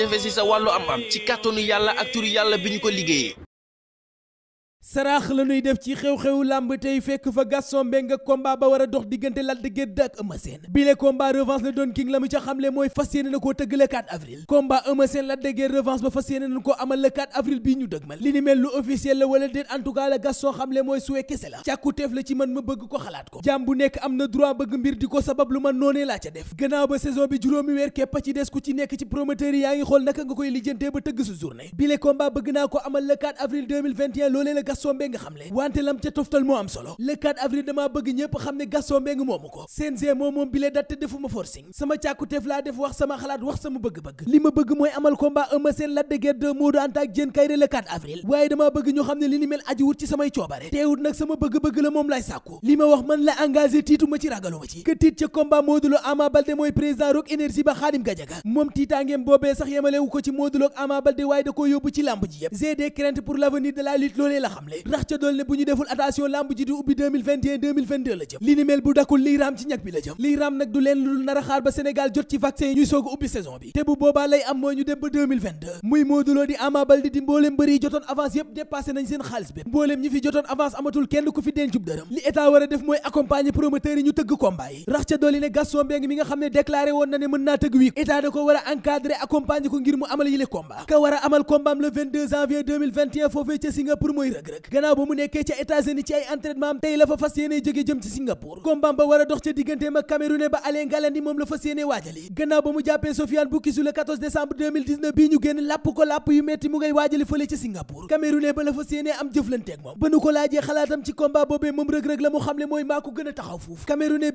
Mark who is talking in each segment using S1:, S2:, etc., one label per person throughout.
S1: jafe-jafe si sa wàllu am am ci kàttanu yàlla ak turu yàlla bi ñu ko liggéeyee
S2: saraax la ñuy def ci xew-xewu làmb tey fekk fa Gaston Mbengue combat ba war a dox diggante Lac de Guiers ak Eumeu bile combat revanche la doon king ca xamle mooy fas yéene na tëgg le 4 avril combat Eumeu Sène Lac revanche ba fas yéene na amal le 4 avril bii ñu dëgmal li ni mel lu officiel la wala déet en tout cas la Gaston xamle mooy suwe kese la càkkuteef la ci man ma bëgg ko xalaat ko jàmm bu nekk am na droit bëgg mbir di ko sabab lu man noonee nekk ci promoteur yi yaa ngi xool Gaston Mbengue xamle wante lam ca toftal moo am solo le 4 avril damaa bëgg ñépp xam ne Gaston Mbengue moomu ko CNG moo moom bile date te defuma forcing sama càkkuteef laa def wax sama xalaat wax sama bëgg-bëgg li ma bëgg mooy amal combat Eumeu Sène Lac de Guiers 2 Modou Anta ak Diène avril waaye damaa bëgg ñu xam ne li ni mel ajiwut ci samay coobare teewut nag sama bëgg-bëgg la moom lay sàkku li ma wax man la engagé tiitu ci ragalu ci que tiit ca xamle rax ca dool ne bu ñu deful attention lamb ji di ubbi 2021 2022 la jëm li ni mel bu dakul liy raam ci ñag bi la jëm liy raam nag du leen lu nar a xaar ba Sénégal jot ci vaccin yi ñuy soog a ubbi saison bi te bu boobaa lay am mooy ñu dem muy Modou Lo di Ama Baldé di mbooleem mbër jotoon avance yépp dépassé nañ seen xaalis bi mbooleem ñi fi jotoon avance amatul kenn ku fi dencub dërëm li état war def mooy accompagner promoteurs yi ñu tëgg combat yi rax ca dool ne rëg gannaaw ba mu nekkee ca États-Unis ci ay entraînement tey la fa fas yéene jóge jëm ci Singapour combat ba war dox ca digganteem ak Camerounais ba Alain Ngalani moom la fas yéene waajali gannaaw ba mu jàppee Sofiane Boukisu le 14 bii ñu génn làpp ko làpp yu metti mu ngay waajali fële ca Singapour Camerounais ba la fas yéene am jëflanteeg moom ba nu ko laajee xalaatam ci combat boobee moom rëg-rëg la mu xamle mooy maa ko gën taxaw fuuf Camerounais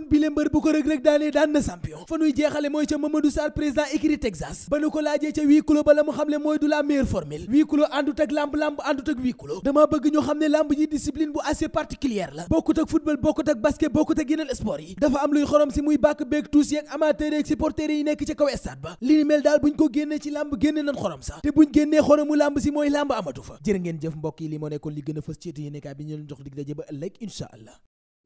S2: kon mbër bu ko rëg-rëg daanee daan na champion fa nuy jeexale mooy ca Mamadou Sarr président écurie Texas ba nu ko laajee ca huis clos ba mu xam le mooy du la meilleure formule huis clos àndut ak lamb lamb àndut ak huis clos dama bëgg ñu xam ne lamb ji discipline bu assez particulière la bokkut ak football bokkut ak basket bokkut ak yeneen sport yi dafa am luy xorom si muy bàkk beeg tuus yeeg amateur yeeg supporters yi nekk ca kaw stade ba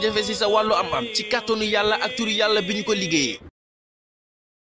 S1: jafe-jafe si sa wàllu am am ci kàttanu yàlla ak turu
S2: yàlla bi ñu ko liggéeyee